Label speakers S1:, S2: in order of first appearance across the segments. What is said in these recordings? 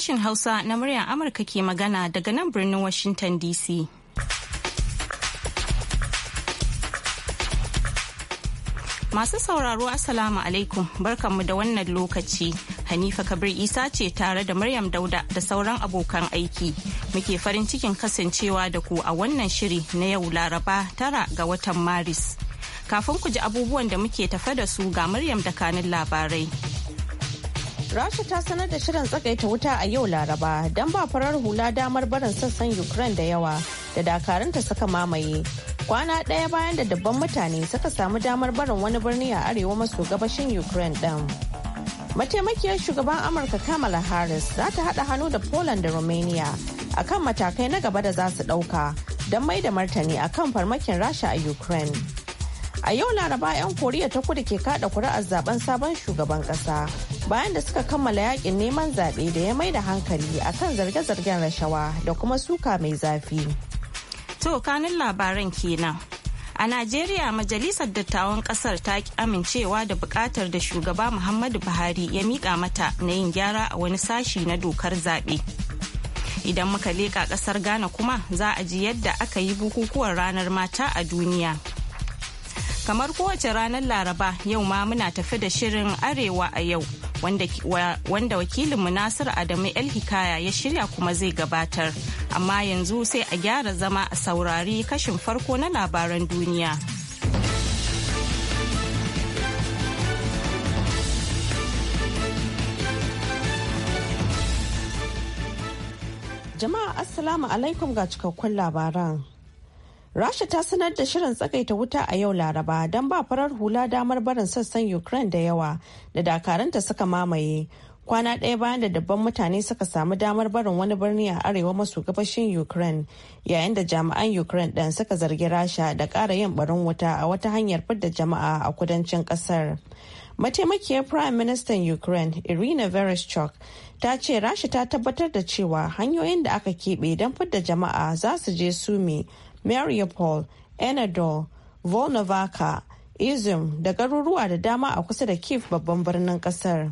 S1: sashen Hausa na muryar Amurka ke magana daga nan birnin Washington DC. Masu sauraro Assalamu alaikum barkanmu da wannan lokaci. Hanifa Kabir Isa ce tare da Maryam Dauda da sauran abokan aiki. Muke farin cikin kasancewa da ku a wannan shiri na yau Laraba tara ga watan Maris. Kafin ku ji abubuwan da muke tafa da su ga Maryam da kanin labarai.
S2: Rasha ta sanar da shirin tsagaita wuta a yau Laraba don ba farar hula damar barin sassan Ukraine da yawa da dakarunta suka mamaye. Kwana ɗaya bayan da dabban mutane suka samu damar barin wani birni a arewa maso gabashin Ukraine ɗin. Mataimakiyar shugaban Amurka Kamala Harris za ta haɗa hannu da Poland da Romania a kan matakai na gaba da za su ɗauka don mai da martani a kan farmakin Rasha a Ukraine. A yau Laraba 'yan Koriya ta kudu ke kaɗa kuri'ar zaben sabon shugaban ƙasa. bayan da suka kammala yakin neman zaɓe da ya mai da hankali a kan zarge-zargen rashawa da kuma suka mai zafi.
S1: To kanin labaran kenan. A Najeriya Majalisar Dattawan Kasar ta ki amincewa da bukatar da shugaba Muhammadu Buhari ya miƙa mata na yin gyara a wani sashi na dokar zaɓe. Idan muka leƙa ƙasar Ghana kuma za a ji yadda aka yi bukukuwan ranar mata a duniya. kamar kowace ranar laraba yau ma muna tafi da shirin arewa a yau wanda wakilinmu nasir adamu el hikaya ya shirya kuma zai gabatar amma yanzu sai a gyara zama a saurari kashin farko na labaran duniya
S2: jama'a assalamu alaikum ga cikakkun labaran Rasha ta sanar da shirin tsagaita wuta a yau Laraba don ba farar hula damar barin sassan Ukraine da yawa da dakaranta suka mamaye. Kwana ɗaya bayan da dabban mutane suka samu damar barin wani birni a arewa maso gabashin Ukraine yayin da jami'an Ukraine ɗin suka zargi Rasha da ƙara yin barin wuta a wata hanyar fidda jama'a a kudancin ƙasar. Mataimakiyar Prime Minister Ukraine Irina Vereshchuk ta ce Rasha ta tabbatar da cewa hanyoyin da aka keɓe don fidda jama'a za su je Sumi mariupol enadol volnovaka izum da garuruwa da dama a kusa da kiev babban birnin kasar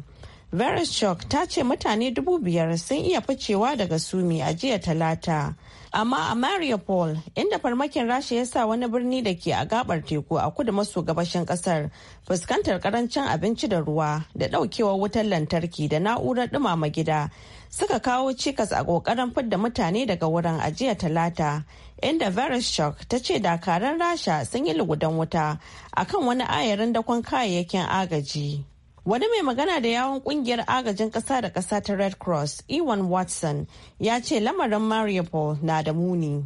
S2: vereshchuk ta ce mutane dubu biyar sun iya ficewa daga sumi a jiya talata amma a mariupol inda farmakin rasha ya sa wani birni da ke a gabar teku a kudu maso gabashin kasar fuskantar karancin abinci da ruwa da daukewar wutar lantarki da na'urar dumama gida suka kawo cikas a kokarin fidda mutane daga wurin a jiya talata inda vereshchuk ta ce dakaran rasha sun yi lugudan wuta akan wani ayarin dakon kayayyakin agaji wani mai magana da yawon kungiyar agajin kasa da kasa ta red cross ewan watson ya ce lamarin mariupol na da muni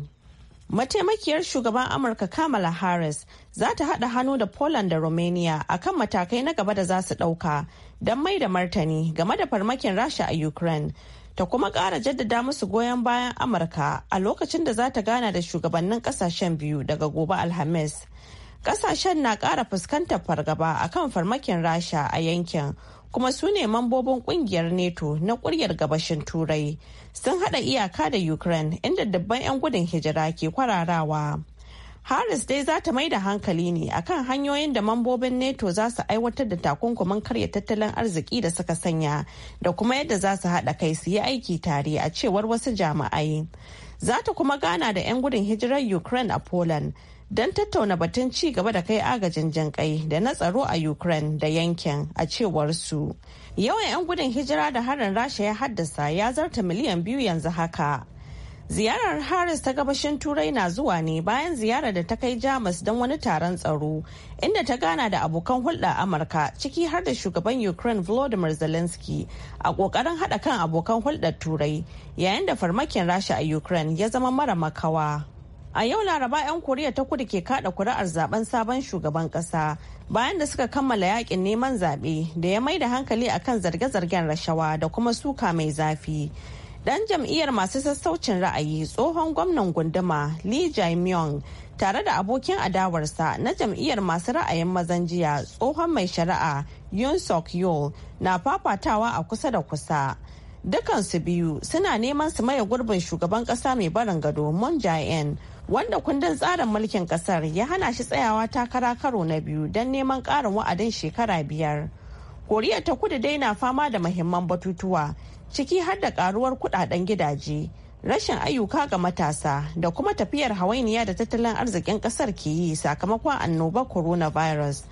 S2: mataimakiyar shugaban amurka kamala harris za ta haɗa hannu da poland da romania akan matakai na gaba da za su ɗauka don mai da martani game da farmakin rasha a ukraine ta kuma ƙara jaddada musu goyon bayan amurka a lokacin da za ta gana da shugabannin ƙasashen biyu daga gobe alhamis ƙasashen na ƙara fuskantar fargaba a kan farmakin rasha a yankin kuma su ne mambobin ƙungiyar neto na ƙuryar gabashin turai sun haɗa iyaka da ukraine inda dabban 'yan gudun hijira ke kwararawa Harris dai za ta mai da hankali ne akan hanyoyin da mambobin NATO za su aiwatar da takunkumin karya tattalin arziki da suka sanya da kuma yadda za su haɗa kai su yi aiki tare a cewar wasu jami'ai. Za ta kuma gana da 'yan gudun hijirar Ukraine a Poland don tattauna batun ci gaba da kai agajin kai da na tsaro a Ukraine da yankin a cewar su. Yawan 'yan gudun hijira da harin Rasha ya haddasa ya zarta miliyan biyu yanzu haka. Ziyarar Harris ta gabashin Turai na zuwa ne bayan ziyarar da ta kai Jamus don wani taron tsaro, inda ta gana da abokan hulɗa Amurka ciki har da shugaban Ukraine Volodymyr Zelensky a ƙoƙarin haɗa kan abokan hulɗar Turai yayin da farmakin Rasha a Ukraine ya zama mara makawa. A yau Laraba 'yan Koriya ta kudu ke kaɗa kuri'ar zaben sabon shugaban ƙasa bayan da suka kammala yakin neman zaɓe da ya mai da hankali akan zarge-zargen rashawa da kuma suka mai zafi. dan jam'iyyar masu sassaucin ra'ayi tsohon gwamnan gunduma lee jae-myung tare da abokin adawarsa na jam'iyyar masu ra'ayin mazan jiya tsohon mai shari'a yun sok yul na fafatawa a kusa da kusa dukansu biyu suna neman su maye gurbin shugaban kasa mai barin gado moon jae-in wanda kundin tsarin mulkin kasar ya hana shi tsayawa takara karo na biyu don neman ƙarin wa'adin shekara biyar koriya ta kudu dai na fama da mahimman batutuwa ciki har da karuwar kudaden gidaje rashin ayyuka ga matasa da kuma tafiyar hawainiya da tattalin arzikin kasar ke yi sakamakon annobar coronavirus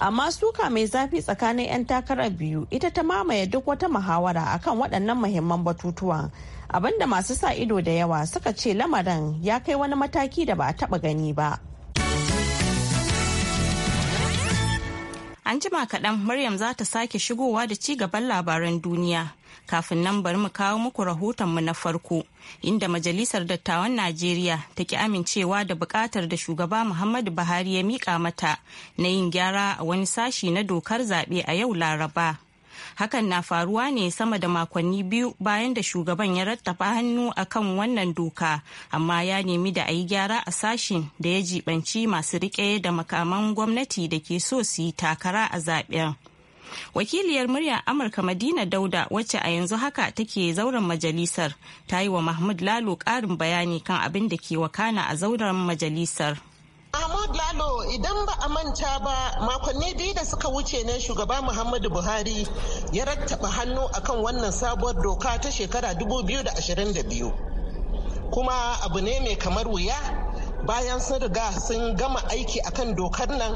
S2: amma suka mai zafi tsakanin 'yan takarar biyu ita ta mamaye duk wata muhawara akan waɗannan muhimman batutuwa abinda masu sa ido da yawa suka ce lamarin ya kai wani mataki da ba a taɓa gani ba. An
S1: jima kaɗan Maryam za ta sake shigowa da ci gaban labaran duniya. Kafin nan bari mu kawo muku rahoton mu na farko, inda Majalisar Dattawan Najeriya ta ki amincewa da buƙatar da shugaba Muhammadu Buhari ya miƙa mata na yin gyara a wani sashi na dokar zaɓe a yau Laraba. hakan na faruwa ne sama da makonni biyu bayan da shugaban ya rattafa hannu akan wannan doka amma ya nemi da a yi gyara a sashin da ya jibanci masu riƙe da makaman gwamnati da ke so su yi takara a zaɓen. wakiliyar muryar amurka madina dauda wacce a yanzu haka take zauren majalisar ta yi wa mahmud lalo karin bayani kan abin da ke wakana a zauren majalisar
S3: Ahmad Lalo idan ba a manta ba makonni biyu da suka wuce ne shugaba Muhammadu Buhari ya rattaba hannu akan wannan sabuwar doka ta shekara 2022. Kuma abu ne mai kamar wuya bayan sun riga sun gama aiki akan dokar nan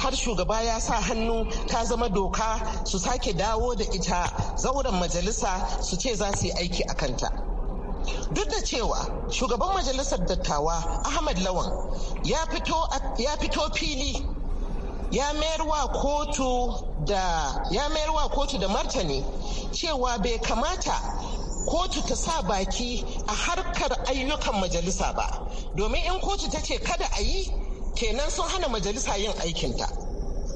S3: har shugaba ya sa hannu ta zama doka su sake dawo da ita zauren majalisa su ce za su yi aiki a kanta. duk da cewa shugaban majalisar dattawa ahmad lawan ya fito fili ya mayar kotu ya mayarwa kotu da martani cewa bai kamata kotu ta sa baki a harkar ayyukan majalisa ba domin in kotu ta ce kada a yi kenan sun hana majalisa yin aikinta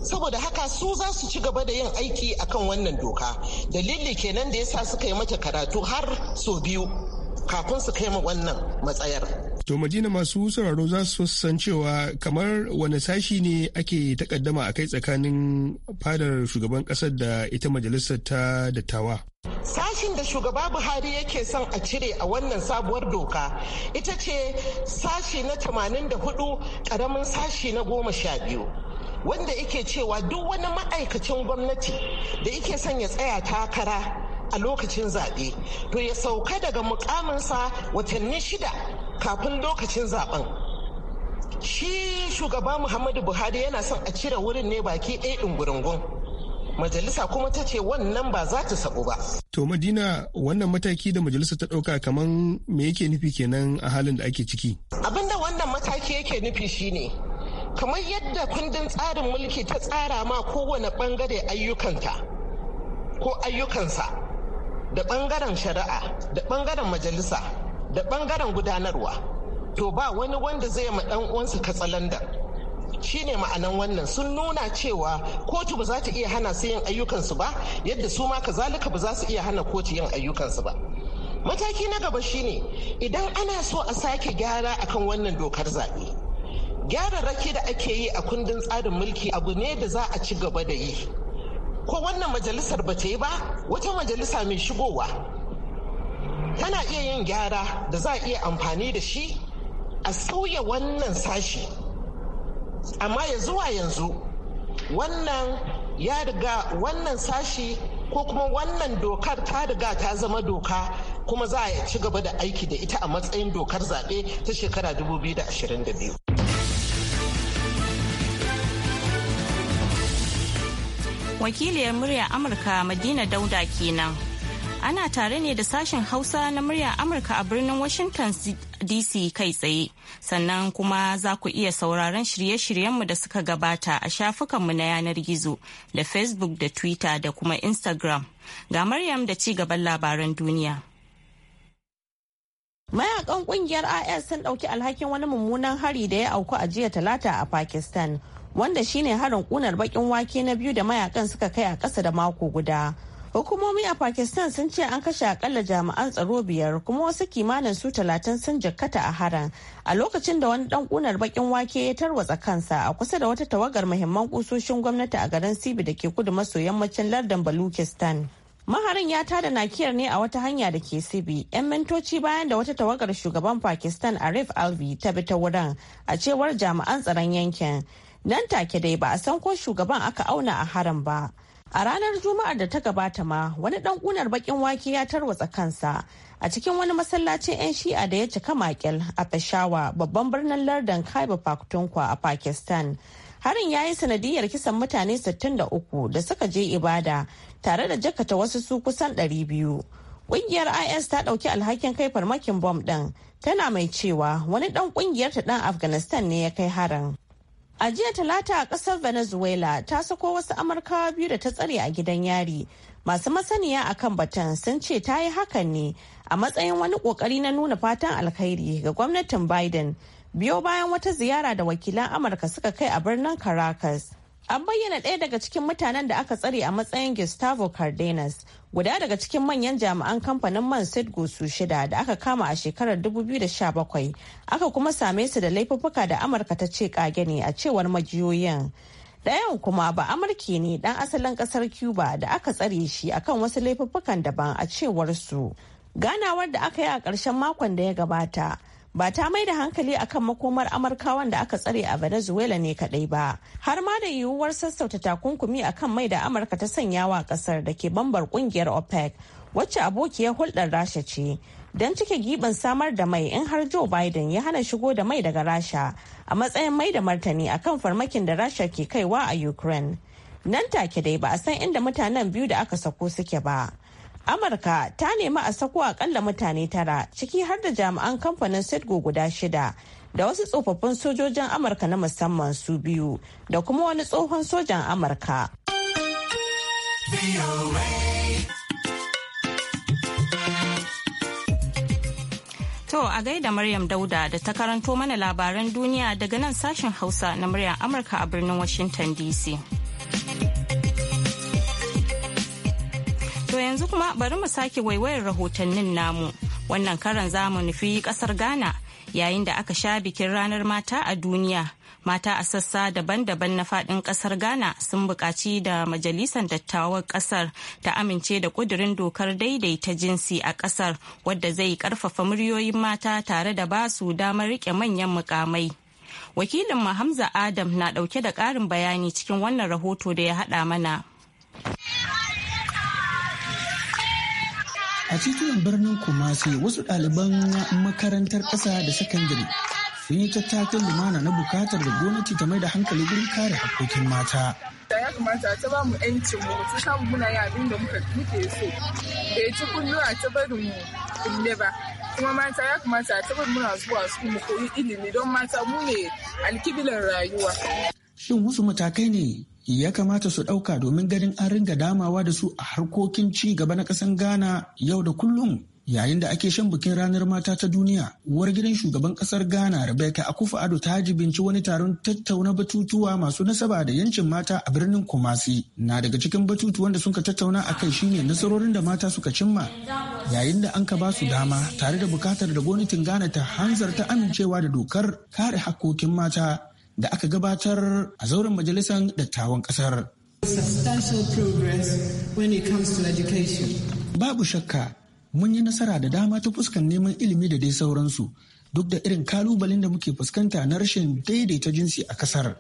S3: saboda haka su za su ci gaba da yin aiki akan wannan doka dalili kenan da yasa suka yi mata karatu har sau biyu kafin su kai mu wannan matsayar.
S4: To Madina masu sauraro za su san cewa kamar wani sashi ne ake takaddama a kai tsakanin fadar shugaban ƙasar da ita majalisar ta dattawa.
S3: Sashin da shugaba Buhari yake son a cire a wannan sabuwar doka ita ce sashi na 84 ƙaramin sashi na goma sha biyu. Wanda yake cewa duk wani ma'aikacin gwamnati da yake son ya tsaya takara a lokacin zaɓe to ya sauka daga mukaminsa watanni shida kafin lokacin zaɓen. shi shugaba muhammadu buhari yana son a cire wurin ne baki ɗaya ɗungurungun majalisa kuma ta ce wannan ba za ta sabu ba
S4: to madina wannan mataki da majalisa ta ɗauka kaman me yake nufi kenan a halin da ake ciki
S3: abinda wannan mataki yake nufi shine kamar yadda kundin tsarin mulki ta tsara ma kowane bangare ayyukanta ko ayyukansa da ɓangaren shari'a da bangaren majalisa da bangaren gudanarwa to ba wani wanda zai ma dan uwansa katsalandan shine ma'anan wannan sun nuna cewa kotu ba za ta iya hana su yin ayyukansu ba yadda su ma kazalika ba za su iya hana kotu yin ayyukansu ba mataki na gaba shine idan ana so a sake gyara akan wannan dokar zaɓe gyara gyararraki da ake yi a kundin tsarin mulki abu ne da za a ci gaba da yi ko wannan majalisar ba ta yi ba wata majalisa mai shigowa tana iya yin gyara da za a iya amfani da shi a sauya wannan sashi amma ya zuwa yanzu wannan ya riga wannan sashi ko kuma wannan dokar ta riga ta zama doka kuma za a ci gaba da aiki da ita a matsayin dokar zaɓe
S1: ta shekara 2022 wakiliyar murya amurka madina dauda kenan ana tare ne da sashen hausa na murya amurka a birnin washington dc kai tsaye sannan kuma za ku iya sauraron shirye-shiryenmu da suka gabata a shafukanmu na yanar gizo da facebook da twitter da kuma instagram ga maryam da ci gaban labaran duniya
S2: mayakan kungiyar is sun dauki alhakin wani mummunan hari da ya auku a jiya talata a pakistan wanda shine harin kunar bakin wake na biyu da mayakan suka kai a ƙasa da mako guda hukumomi a pakistan sun ce an kashe akalla jami'an tsaro biyar kuma wasu kimanin su talatin sun jikkata a haran a lokacin da wani dan kunar bakin wake ya tarwatsa kansa a kusa da wata tawagar muhimman kusoshin gwamnati a garin sibi da ke kudu maso yammacin lardin baluchistan maharin ya tada nakiyar ne a wata hanya da ke sibi yan mintoci bayan da wata tawagar shugaban pakistan arif alvi ta bi ta wurin a cewar jami'an tsaron yankin Nan take dai ba a san ko shugaban aka auna a harin ba. A ranar Juma'ar da ta gabata ma wani dan kunar bakin wake ya tarwatsa kansa a cikin wani masallacin 'yan shi'a da ya cika makil a peshawa babban birnin lardin kaiba pakutunkwa a Pakistan. Harin ya yi sanadiyar kisan mutane 63 da suka je ibada tare da jakata wasu su kusan 200. Kungiyar IS ta dauki alhakin kai farmakin bom ɗin tana mai cewa wani dan kungiyar ta ɗan Afghanistan ne ya kai harin. A jiya talata a ƙasar Venezuela ta sako wasu Amurkawa biyu da ta tsare a gidan yari. Masu masaniya a kan batun sun ce ta yi hakan ne a matsayin wani ƙoƙari na nuna fatan alkhairi ga gwamnatin Biden biyo bayan wata ziyara da wakilan Amurka suka kai a birnin Caracas An bayyana ɗaya daga cikin mutanen da aka tsare a matsayin Gustavo Cardenas, guda daga cikin manyan jami'an kamfanin man Sedgo su shida da aka kama a shekarar 2017, aka kuma same su da laifuffuka da Amurka ta ce kage ne a cewar majiyoyin. Ɗayan kuma ba Amurki ne ɗan asalin ƙasar Cuba da aka tsare shi akan wasu laifuffukan daban a cewar su. Ganawar da aka yi a ƙarshen makon da ya gabata. ba ta mai da hankali akan makomar amurkawan da aka tsare a venezuela ne kadai ba har ma da yiwuwar sassauta takunkumi a kan mai da amurka ta sanyawa kasar da ke bambar kungiyar opec wacce abokiyar hulɗar rasha ce don cike giɓin samar da mai in har joe biden ya hana shigo da mai daga rasha a matsayin mai da martani akan farmakin da rasha ke kaiwa a ukraine nan take dai ba a san inda mutanen biyu da aka sako suke ba Amurka ta nemi a sako akalla mutane tara ciki har da jami'an kamfanin sidgo guda shida da wasu tsofaffin sojojin Amurka na musamman su biyu da kuma wani tsohon sojan Amurka.
S1: To a gaida Maryam Dauda da ta karanto mana labaran duniya daga nan sashen Hausa na muryar Amurka a birnin Washington DC. To yanzu kuma bari mu sake waiwayar rahotannin namu. Wannan karan zamu mu nufi kasar Ghana yayin da aka sha bikin ranar mata a duniya. Mata a sassa daban-daban na fadin kasar Ghana sun buƙaci da Majalisar Dattawan kasar ta amince da ƙudurin dokar daidaita jinsi a kasar wadda zai ƙarfafa muryoyin mata tare da ba su damar rike manyan mukamai Wakilin Hamza Adam na ɗauke da ƙarin bayani cikin wannan rahoto da ya haɗa mana.
S4: a titunan birnin kumasi wasu ɗaliban makarantar ƙasa da sakandare sun yi tattakin lumana na bukatar da gwamnati ta mai da hankali wurin kare hakokin mata da ya kamata ta ba mu yancin mu samu muna yi abin da muke so da ya ci ta mu kulle ba kuma mata ya kamata ta barin muna zuwa su mu
S3: koyi ilimi don mata mu ne alkibilan rayuwa
S4: shin wasu matakai ne ya kamata su ɗauka domin ganin an ringa damawa da su a harkokin ci gaba na ƙasan Ghana yau da kullum. Yayin da ake shan bikin ranar mata ta duniya, uwar gidan shugaban ƙasar Ghana Rebecca Akufa Ado ta jibinci wani taron tattauna batutuwa masu nasaba da yancin mata a birnin Kumasi. Na daga cikin batutuwan da suka tattauna a kai shine nasarorin da mata suka cimma. Yayin da an ka ba su dama tare da bukatar da gwamnatin Ghana ta hanzarta amincewa da dokar kare hakkokin mata da aka gabatar a zauren majalisar dattawan kasar. Babu shakka mun yi nasara da dama ta fuskan neman ilimi da dai sauransu duk da irin kalubalen da muke fuskanta na rashin daidaita jinsi a kasar.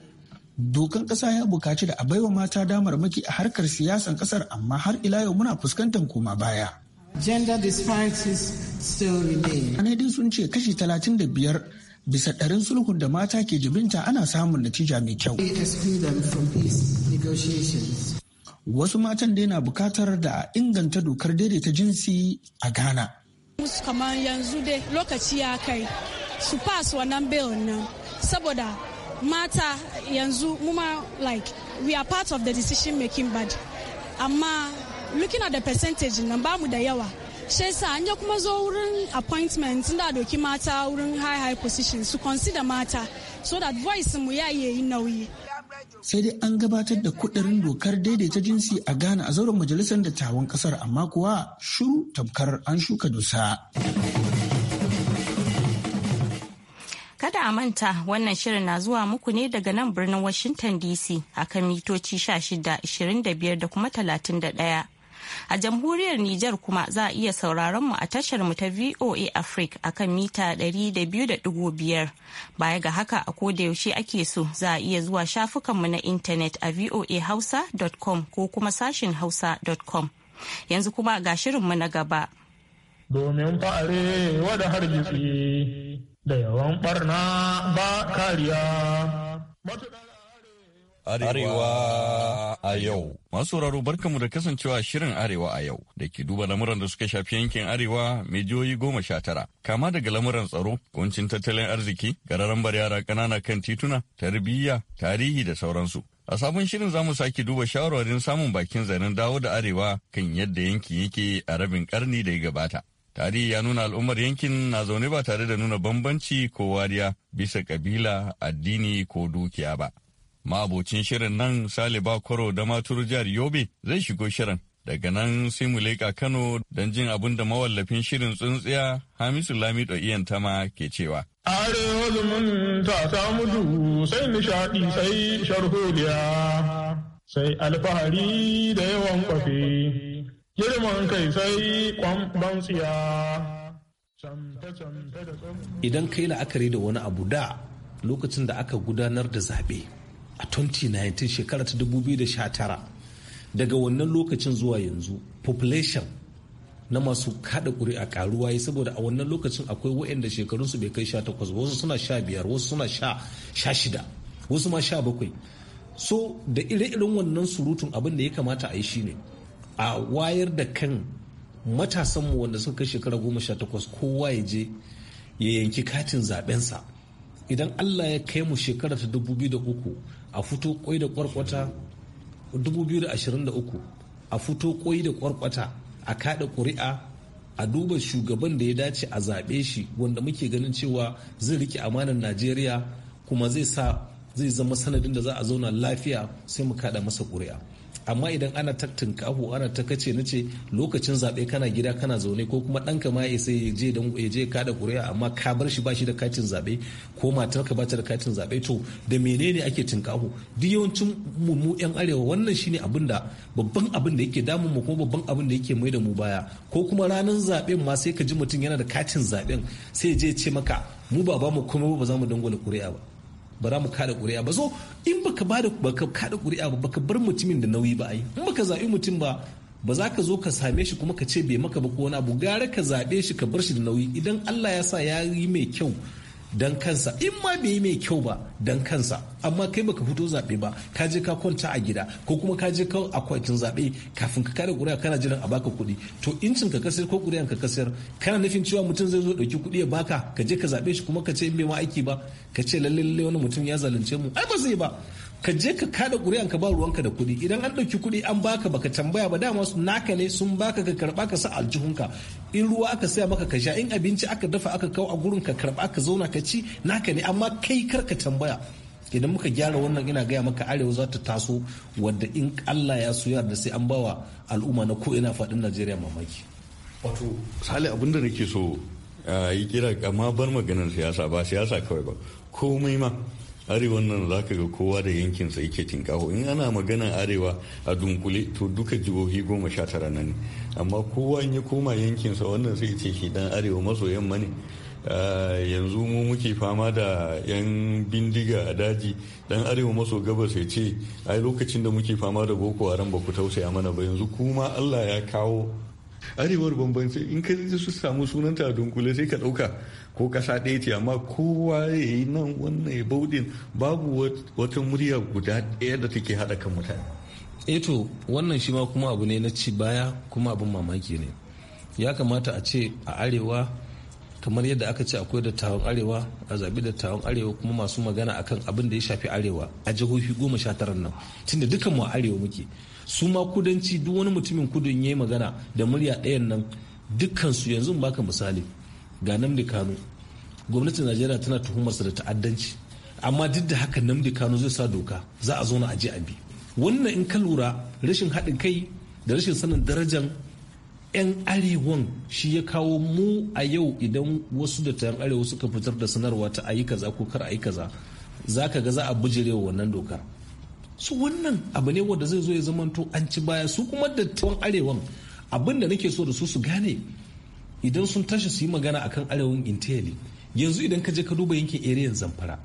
S4: Dokan ƙasa ya bukaci da a baiwa mata damar maki a harkar siyasan ƙasar amma har ila yau muna fuskantar koma baya. Gender disparities still remain. sun ce kashi talatin da biyar bisa ɗarin sulhun da mata ke jibinta ana samun natija mai kyau. Wasu matan da yana bukatar da inganta dokar daidaita jinsi a Ghana.
S5: Musu kamar yanzu dai lokaci ya kai su pass wannan bill nan saboda mata yanzu muma like we are part of the decision making body amma looking at the percentage nan mu da yawa. shi yasa an kuma zo wurin appointment da doki mata wurin high high position su consider mata so that voice mu ya yi nauyi
S4: sai dai an gabatar da kudirin dokar daidaita jinsi a ghana a zauren majalisar dattawan kasar amma kuwa shuru tamkar an shuka dusa
S1: kada a manta wannan shirin na zuwa muku ne daga nan birnin washington dc akan mitoci 16 25 da kuma 31 A jamhuriyar Nijar kuma za a iya sauraron mu a tashar mu ta VOA Africa akan mita 200.5. Baya ga haka a koda yaushe ake so za a iya zuwa shafukan mu na intanet a voahausa.com ko kuma sashin hausa.com. Yanzu kuma ga shirinmu na gaba.
S4: Domin fa'are wada hargitsi da yawan
S6: barna ba kariya.
S7: Arewa a yau. Masu sauraro barkamu da kasancewa shirin Arewa a yau da ke duba lamuran da suka shafi yankin Arewa mai jihohi goma sha tara. Kama daga lamuran tsaro, kuncin tattalin arziki, gararan bar yara ƙanana kan tituna, tarbiyya, tarihi da sauransu. A sabon shirin za mu sake duba shawarwarin samun bakin zanen dawo da Arewa kan yadda yanki yake a rabin karni da ya gabata. Tarihi ya nuna al'ummar yankin na zaune ba tare da nuna bambanci ko wariya bisa ƙabila, addini ko dukiya ba. Mabocin shirin nan Sale ba kwaro da Maturu Jihar Yobe zai shigo shirin. Daga nan sai mu leƙa Kano don jin abin da mawallafin shirin tsuntsiya Hamisu Lamido Iyan Tama ke cewa.
S6: Are zumun ta samu sai nishaɗi sai sharholiya sai alfahari da yawan kwafi. Girman kai sai kwamban tsiya.
S8: Idan kai la'akari da wani abu da lokacin da aka gudanar da zaɓe a 2019 shekara ta 2019 daga wannan lokacin zuwa yanzu population na masu kada a karuwa yi saboda a wannan lokacin akwai waɗanda shekarunsu bai kai 18 wasu suna 15 wasu suna shida wasu ma bakwai so da ire irin wannan surutun abin da ya kamata a yi shine a wayar da kan matasanmu wanda suka kai shekara 18 kowa ya je ya yanki katin zaɓensa idan allah ya kai mu shekara ta 2003 a fito kwai da kwarkwata 2023 a fito kwai da kwarkwata a kada kuri'a a duba shugaban da ya dace a zaɓe shi wanda muke ganin cewa zai rike amanar najeriya kuma zai sa zai zama sanadin da za a zauna lafiya sai mu kada masa kuri'a amma idan ana ta tinkaho ana ta kace na ce lokacin zaɓe kana gida kana zaune ko kuma ɗanka ma ya sai je don ya je kaɗa ƙuri'a amma ka bar shi ba shi da katin zaɓe ko matar ka bata da katin zaɓe to da menene ake tinkaho duk yawancin mu mu yan arewa wannan shine abin da babban abin da yake damun mu kuma babban abin da yake mai da mu baya ko kuma ranar zaɓen ma sai ka ji mutum yana da katin zaɓen sai je ce maka mu ba ba mu kuma ba za mu dangwala ƙuri'a ba ba za mu kada ƙuri'a ba so in baka bada baka kada ƙuri'a ba baka bar mutumin da nauyi ba ai in baka zaɓi mutum ba ba za ka zo ka same shi kuma ka ce bai maka ba ko wani abu gara ka zabe shi ka bar shi da nauyi idan Allah ya sa ya yi mai kyau dan kansa in ma bai yi mai kyau ba dan kansa amma kai baka fito zaɓe ba ka je ka kwanta a gida ko kuma ka je ka akwatin zaɓe kafin ka kare ƙuri'a kana jiran a baka kuɗi to incin ka kasar ko ƙuri'an ka kasar kana nufin cewa mutum zai zo ɗauki kuɗi ya baka ka je ka zaɓe shi kuma ka ce in bai ma aiki ba ka ce lallai lalle wani mutum ya zalunce mu ai ba zai ba ka je ka kada ƙuri'an ka ba ruwanka da kuɗi idan an ɗauki kuɗi an baka baka tambaya ba dama su naka ne sun baka ka karɓa ka sa aljihunka in ruwa aka saya maka ka sha in abinci aka dafa aka kawo a gurin ka karɓa ka zauna ka ci naka ne amma kai kar ka tambaya idan muka gyara wannan ina gaya maka arewa za ta taso wadda in allah ya suya da sai an bawa al'umma na ko ina faɗin najeriya mamaki
S3: wato
S7: sale abin da nake so yi kira amma bar maganar siyasa ba siyasa kawai ba komai ma arewa nan za ka ga kowa da yankinsa yake tinkaho in ana maganan arewa a dunkule to duka jihohi goma sha tara nan amma kowa in ya koma yankinsa wannan sai ce shi dan arewa maso yamma ne ah, yanzu mu muke fama da 'yan bindiga a daji dan arewa maso gabas ya ce ai lokacin da muke fama da boko haram ba ku tausaya mana ba yanzu kuma allah ya kawo arewar bambanci in ka su samu sunanta a dunkule sai ka ɗauka ko kasa ɗaya ce amma kowa ya yi nan wannan ya baudin babu wata murya guda ɗaya da take haɗa kan mutane eto eh wannan shi ma kuma abu ne na ci baya kuma abin mamaki ne
S8: ya kamata a ce a arewa kamar yadda aka ce akwai dattawan arewa a zaɓi dattawan arewa kuma masu magana akan abin da ya shafi arewa a jihohi goma sha tara nan tunda dukan mu arewa muke su ma kudanci duk wani mutumin kudun ya yi magana da murya ɗayan nan dukkansu yanzu baka misali ga namdi kano gwamnatin najeriya tana tuhumarsa da ta'addanci amma duk da haka namdi kano zai sa doka za a zauna a ji a bi wannan in ka lura rashin haɗin kai da rashin sanin darajan 'yan arewan shi ya kawo mu a yau idan wasu da ta arewa suka fitar da sanarwa ta ayi kaza ko kar ayi kaza za ka ga za a bujirewa wannan dokar su wannan abu ne wanda zai zo ya zamanto an ci baya su kuma dattawan arewan abin da nake so da su su gane idan sun tashi su yi magana akan arewin inteli yanzu idan ka je ka duba yankin eriyan zamfara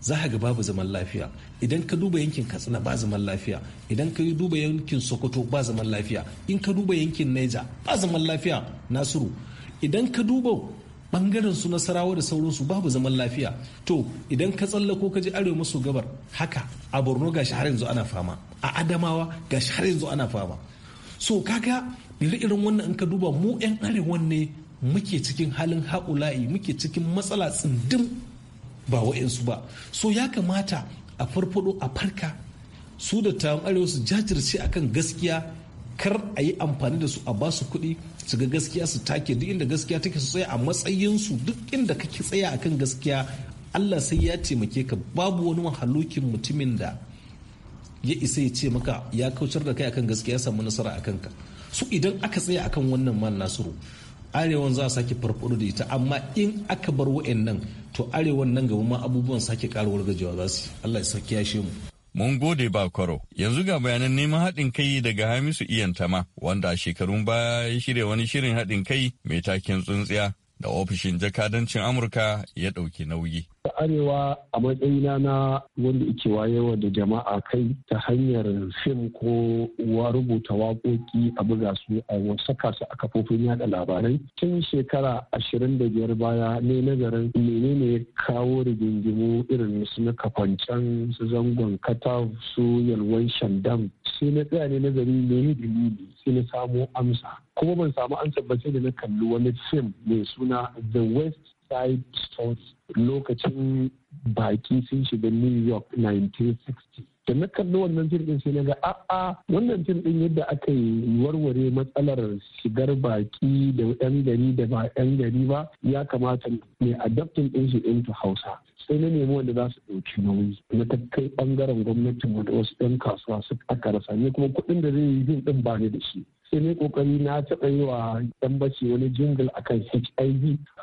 S8: za ka ga babu zaman lafiya idan ka duba yankin katsina ba zaman lafiya idan ka duba yankin sokoto ba zaman lafiya in ka duba yankin naija ba zaman lafiya nasiru idan ka duba bangaren su nasarawa da sauransu babu zaman lafiya to idan ka tsallako ka je arewa maso gabar haka a borno gashi har yanzu ana fama a adamawa gashi har yanzu ana fama so kaga ire-iren wannan in ka duba mu 'yan arewan ne muke cikin halin haƙula'i muke cikin matsala tsindin ba wa'insu ba so ya kamata a farfado a farka su da taron arewa su jajirce akan gaskiya kar a yi amfani da su a ba su kuɗi su ga gaskiya su take duk inda gaskiya take su tsaya a matsayinsu duk inda kake tsaya akan gaskiya Allah sai ya taimake ka babu wani mahalukin mutumin da ya isa ya ce maka ya kaucar da kai akan gaskiya ya samu nasara akan ka su idan aka tsaya akan wannan man nasiru arewan za a sake farfado da ita amma in aka bar wa'annan to arewan nan gaba ma abubuwan sake karuwar gajewa za su Allah ya sake yashe mu Mun gode ba kwaro,
S7: yanzu ga bayanan neman haɗin kai daga Hamisu Iyantama, wanda a shekarun baya ya shirya wani shirin haɗin kai mai taken tsuntsiya da ofishin jakadancin Amurka ya ɗauki nauyi.
S6: Da arewa a matsayina na wanda ke wayewa da jama'a kai ta hanyar fim ko wa rubuta waƙoƙi a buga su a saka su a kafofin yada labarai. Tun shekara ashirin da biyar baya ne nazarin menene ya kawo rigingimu irin su na kafancan su zangon katav su yalwan shandam sai na tsaya ne nazari me dalili sai na samo amsa kuma ban samu amsa ba sai da na kalli wani fim mai suna the west side story lokacin baki sun shiga new york 1960 da na kalli wannan fim din sai na ga a'a wannan fim din yadda aka yi warware matsalar shigar baki da yan gari da ba yan gari ba ya kamata ne adaptin din shi into hausa sai na nemi wanda za su ɗauki nauyi na ta kai ɓangaren gwamnatin mu wasu ɗan kasuwa su aka rasa ne kuma kuɗin da zai yi bin ɗin ba ni da shi sai ne kokari na taɓa yi wa ɗan bace wani jingle akan hiv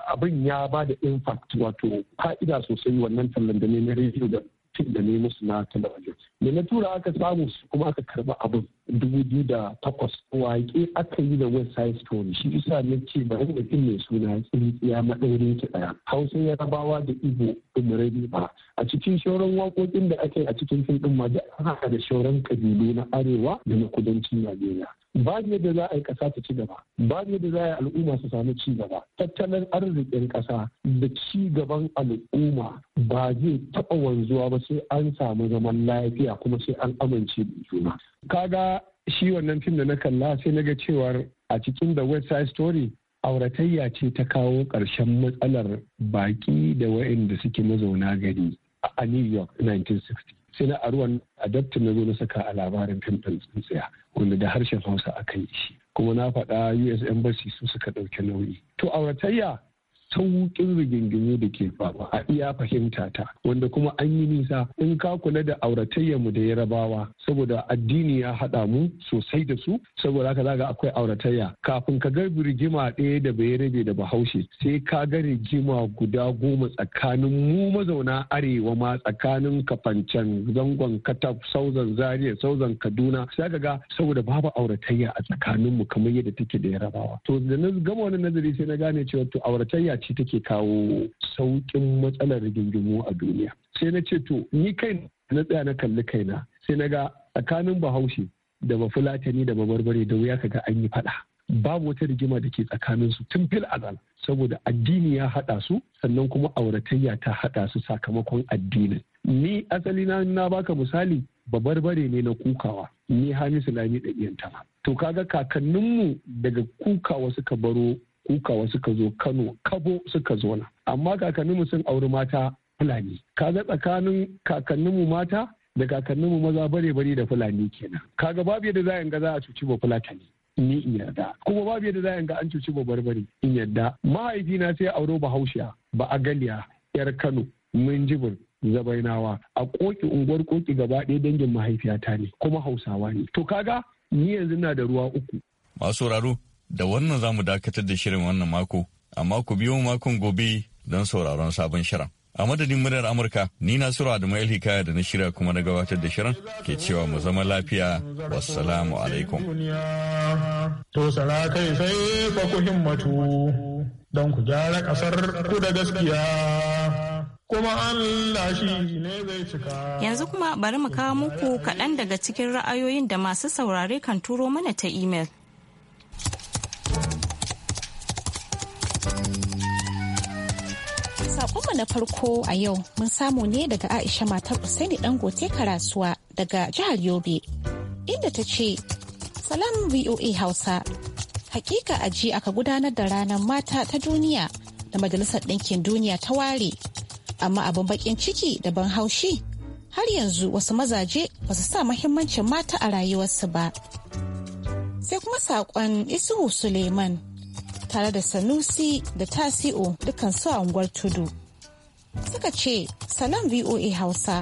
S6: abin ya ba da impact wato fa'ida sosai wannan tallan da ne na rediyo da fim da ne musu na talabijin da na tura aka samu kuma aka karɓa abin 2008 waƙe aka yi da west side story shi isa ne ce bari mutum mai suna tsintsiya maɗaurin ki ɗaya hausa ya yarabawa da ibo umarari ba a cikin shauran waƙoƙin da aka yi a cikin fim ɗin ma da haka da shauran ƙabilu na arewa da na kudancin najeriya ba yadda za a yi ƙasa ta ci gaba ba yadda za a yi al'umma su samu ci gaba tattalin arzikin ƙasa da ci gaban al'umma ba zai taɓa wanzuwa ba sai an samu zaman lafiya kuma sai an amince da juna kaga shi wannan fim da na kalla sai na ga cewar a cikin da west side story auratayya ce ta kawo ƙarshen matsalar baƙi da waɗanda suke mazauna gari a new york 1960 sai na aruwan adaptin na zo na saka a labarin fim ɗin tsintsiya wanda da harshen hausa aka yi shi kuma na faɗa us embassy su suka ɗauki nauyi to auratayya Saukin rigingimu da ke faɓa a iya fahimta ta wanda kuma an yi nisa in ka kula da auratayyar mu da yarabawa saboda addini ya haɗa mu sosai da su saboda haka zaga akwai auratayya kafin ka ga rigima ɗaya da bai rabe da bahaushe sai ka ga rigima guda goma tsakanin mu mazauna arewa ma tsakanin kafancan zangon katab sauzan zaria sauzan kaduna sai ka ga saboda babu auratayya a tsakanin mu kamar yadda take da yarabawa to da na gama wani nazari sai na gane cewa to auratayya ce take kawo saukin matsalar rigingimu a duniya sai na ce to ni kai na tsaya na kalli kaina sai na ga tsakanin bahaushe da bafulatani da babarbare da wuya ka ga an yi faɗa babu wata rigima da ke tsakanin su tun fil azal saboda addini ya haɗa su sannan kuma auratayya ta haɗa su sakamakon addinin ni asali na na baka misali babarbare ne na kukawa ni hamisu lami ɗabi'an tama to kaga kakanninmu daga kukawa suka baro kukawa suka zo kano kabo suka zo na amma kakanninmu sun auri mata fulani kaga tsakanin kakanninmu mata da kakanninmu maza bare bare da fulani kenan kaga babu yadda za a ga za a cuci ba fulatani ni in yarda kuma babu yadda za a ga an cuci ba barbare in yarda mahaifina sai auro bahaushiya ba a galiya yar kano mun jibir zabainawa a koki unguwar koki gaba ɗaya dangin mahaifiyata ne kuma hausawa ne to kaga ni yanzu na da ruwa uku
S7: masu sauraro Da wannan za mu dakatar da shirin wannan mako, amma ku biyo makon gobe don sauraron sabon shirin. A madadin muryar Amurka, ni na Sura Adamu Hikaya da na shirya kuma na gabatar da shirin ke cewa mu zama lafiya, wassalamu alaikum.
S6: To sara sai fa ku himmatu don ku gyara kasar ku da gaskiya. Kuma
S7: Allah shi ne zai cika.
S1: Yanzu kuma bari mu kawo muku kaɗan daga cikin ra'ayoyin da masu saurare kan turo mana ta imel.
S5: Sakonmu na farko a yau mun samu ne daga Aisha matar Usaini Dangote Karasuwa daga jihar Yobe inda ta ce Salam VOA Hausa hakika a ji aka gudanar da ranar mata ta duniya da Majalisar Ɗinkin Duniya ta ware amma abin bakin ciki da ban haushi har yanzu wasu mazaje ba su sa mahimmancin mata a rayuwarsu ba. Sai kuma saƙon Isuhu Suleiman tare da Sanusi da Tasi'u dukan su a unguwar tudu. suka ce salam VOA Hausa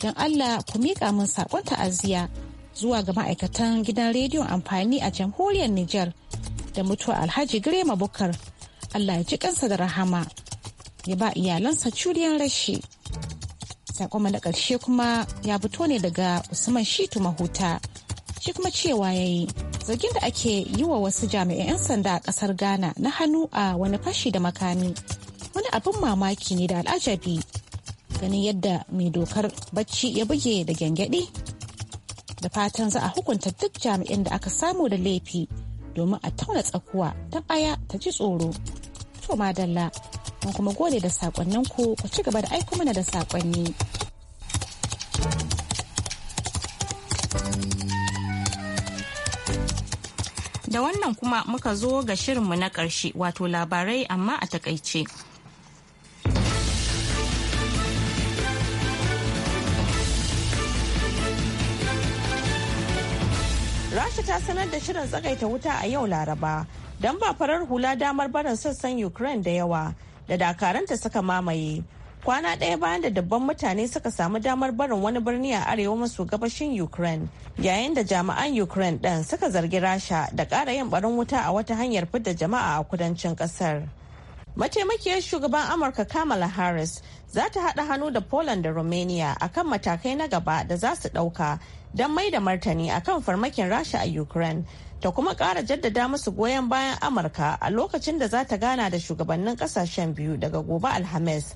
S5: don Allah ku miƙa min saƙon ta'aziyya zuwa ga ma'aikatan gidan rediyon amfani a jamhuriyar Nijar da mutuwa Alhaji Girema Bukar Allah ya ji kansa da rahama ya ba iyalansa curiyar rashi. Sakon na ƙarshe kuma ya fito ne daga Usman Shitu Mahuta. Shi kuma cewa ya yi zargin da ake yi wa wasu jami'an sanda a ƙasar Ghana na hannu a wani fashi da makami wani abin mamaki ne da al'ajabi ganin yadda mai dokar bacci ya buge da gyangyaɗe da fatan za a hukunta duk jami'in da aka samu da laifi domin a tauna tsakuwa ta baya ta ji tsoro to madalla mun kuma gode da sakonnin ku ku ci gaba da aiko mana da sakonni
S1: da wannan kuma muka zo ga shirinmu na ƙarshe wato labarai amma a takaice.
S2: rasha ta sanar da shirin tsagaita wuta a yau laraba don ba farar hula damar barin sassan ukraine da yawa da dakaranta suka mamaye kwana ɗaya bayan da dabban mutane suka samu damar barin wani birni a arewa maso gabashin ukraine yayin da jami'an ukraine ɗin suka zargi rasha da ƙara yin barin wuta a wata hanyar fidda jama'a a kudancin ƙasar Mataimakiyar shugaban Amurka Kamala Harris za ta haɗa hannu da Poland da Romania akan matakai na gaba da za su ɗauka don mai da martani akan farmakin Rasha a Ukraine ta kuma ƙara jaddada musu goyon bayan Amurka a lokacin da za ta gana da shugabannin ƙasashen biyu daga gobe Alhamis.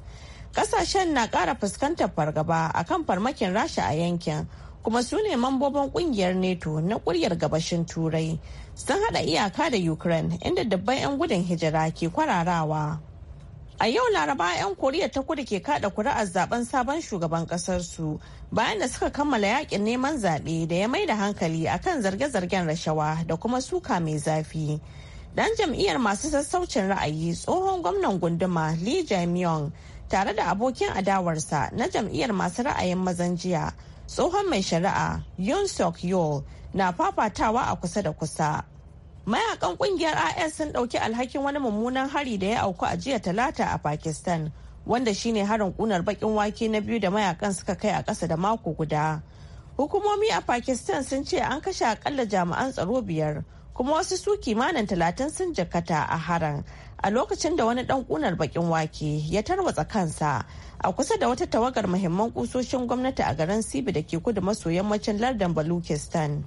S2: Ƙasashen na ƙara fuskantar fargaba akan farmakin Rasha a yankin kuma su ne mambobin ƙungiyar NATO na ƙuryar gabashin Turai. sun hada iyaka da ukraine inda dabban 'yan gudun hijira ke kwararawa a yau laraba 'yan koriya ta kudu ke kada kuri'ar zaben sabon shugaban kasar su bayan da suka kammala yakin neman zaɓe da ya mai da hankali akan zarge-zargen rashawa da kuma suka mai zafi dan jam'iyyar masu sassaucin ra'ayi tsohon gwamnan gunduma lee jae tare da abokin adawarsa na jam'iyyar masu ra'ayin mazan jiya tsohon mai shari'a yun sok yol na fafatawa a kusa da kusa mayakan kungiyar is sun dauki alhakin wani mummunan hari da ya auku a jiya talata a pakistan wanda shine harin kunar bakin wake na biyu da mayakan suka kai a ƙasa da mako guda hukumomi a pakistan sun ce an kashe akalla jami'an tsaro biyar kuma wasu su kimanin talatin sun jakata a haran a lokacin da wani dan kunar bakin wake ya tarwatsa kansa a kusa da wata tawagar muhimman kusoshin gwamnati a garin sibi da ke kudu maso yammacin lardin balukistan.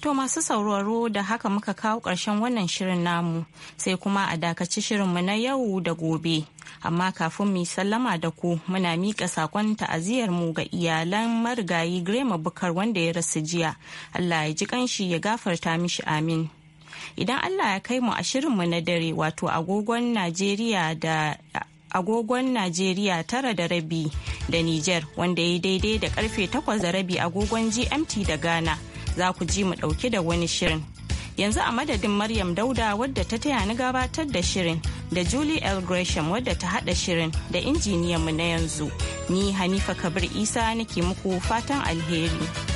S1: To masu sauraro da haka muka kawo ƙarshen wannan shirin namu sai kuma a dakaci shirinmu na yau da gobe. Amma kafin mu sallama da ku muna miƙa saƙon ta'aziyarmu ga iyalan marigayi Grema Bukar wanda ya rasu jiya. Allah ya ji kanshi ya gafarta mishi amin. Idan Allah ya kai mu a shirinmu na dare wato agogon Najeriya da agogon Najeriya tara da rabi da Nijar wanda ya yi daidai da karfe takwas da rabi agogon GMT da Ghana za ku ji mu ɗauke da wani shirin. Yanzu a madadin Maryam Dauda wadda ta taya ni gabatar da shirin da Julie L. Gresham wadda ta haɗa shirin da injiniyanmu na yanzu. Ni Hanifa Kabir Isa nake muku fatan alheri.